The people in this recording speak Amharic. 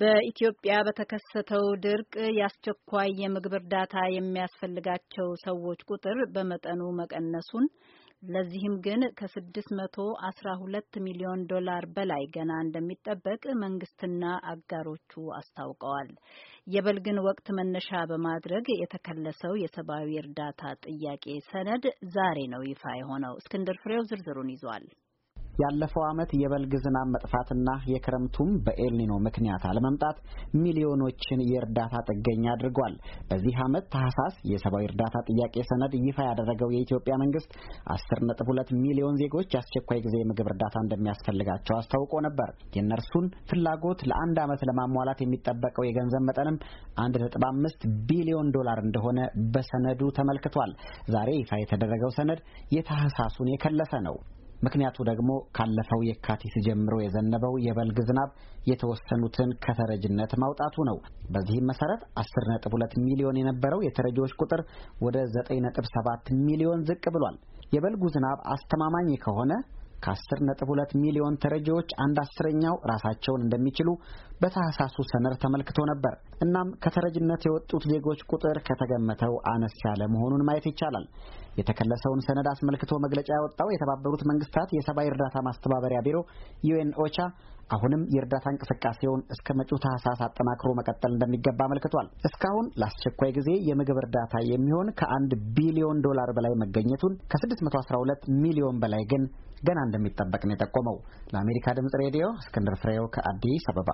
በኢትዮጵያ በተከሰተው ድርቅ የአስቸኳይ የምግብ እርዳታ የሚያስፈልጋቸው ሰዎች ቁጥር በመጠኑ መቀነሱን ለዚህም ግን ከ612 ሚሊዮን ዶላር በላይ ገና እንደሚጠበቅ መንግስትና አጋሮቹ አስታውቀዋል። የበልግን ወቅት መነሻ በማድረግ የተከለሰው የሰብአዊ እርዳታ ጥያቄ ሰነድ ዛሬ ነው ይፋ የሆነው። እስክንድር ፍሬው ዝርዝሩን ይዟል። ያለፈው ዓመት የበልግ ዝናብ መጥፋትና የክረምቱም በኤልኒኖ ምክንያት አለመምጣት ሚሊዮኖችን የእርዳታ ጥገኛ አድርጓል። በዚህ ዓመት ታህሳስ የሰብአዊ እርዳታ ጥያቄ ሰነድ ይፋ ያደረገው የኢትዮጵያ መንግስት 10.2 ሚሊዮን ዜጎች የአስቸኳይ ጊዜ የምግብ እርዳታ እንደሚያስፈልጋቸው አስታውቆ ነበር። የእነርሱን ፍላጎት ለአንድ ዓመት ለማሟላት የሚጠበቀው የገንዘብ መጠንም 1.5 ቢሊዮን ዶላር እንደሆነ በሰነዱ ተመልክቷል። ዛሬ ይፋ የተደረገው ሰነድ የታህሳሱን የከለሰ ነው። ምክንያቱ ደግሞ ካለፈው የካቲት ጀምሮ የዘነበው የበልግ ዝናብ የተወሰኑትን ከተረጅነት ማውጣቱ ነው። በዚህም መሰረት 10.2 ሚሊዮን የነበረው የተረጂዎች ቁጥር ወደ 9.7 ሚሊዮን ዝቅ ብሏል። የበልጉ ዝናብ አስተማማኝ ከሆነ ከ10.2 ሚሊዮን ተረጂዎች አንድ አስረኛው ራሳቸውን እንደሚችሉ በታህሳሱ ሰነድ ተመልክቶ ነበር። እናም ከተረጅነት የወጡት ዜጎች ቁጥር ከተገመተው አነስ ያለ መሆኑን ማየት ይቻላል። የተከለሰውን ሰነድ አስመልክቶ መግለጫ ያወጣው የተባበሩት መንግስታት የሰብአዊ እርዳታ ማስተባበሪያ ቢሮ ዩኤን ኦቻ አሁንም የእርዳታ እንቅስቃሴውን እስከ መጪው ታህሳስ አጠናክሮ መቀጠል እንደሚገባ አመልክቷል። እስካሁን ለአስቸኳይ ጊዜ የምግብ እርዳታ የሚሆን ከአንድ ቢሊዮን ዶላር በላይ መገኘቱን ከ612 ሚሊዮን በላይ ግን ገና እንደሚጠበቅ ነው የጠቆመው። ለአሜሪካ ድምጽ ሬዲዮ እስክንድር ፍሬው ከአዲስ አበባ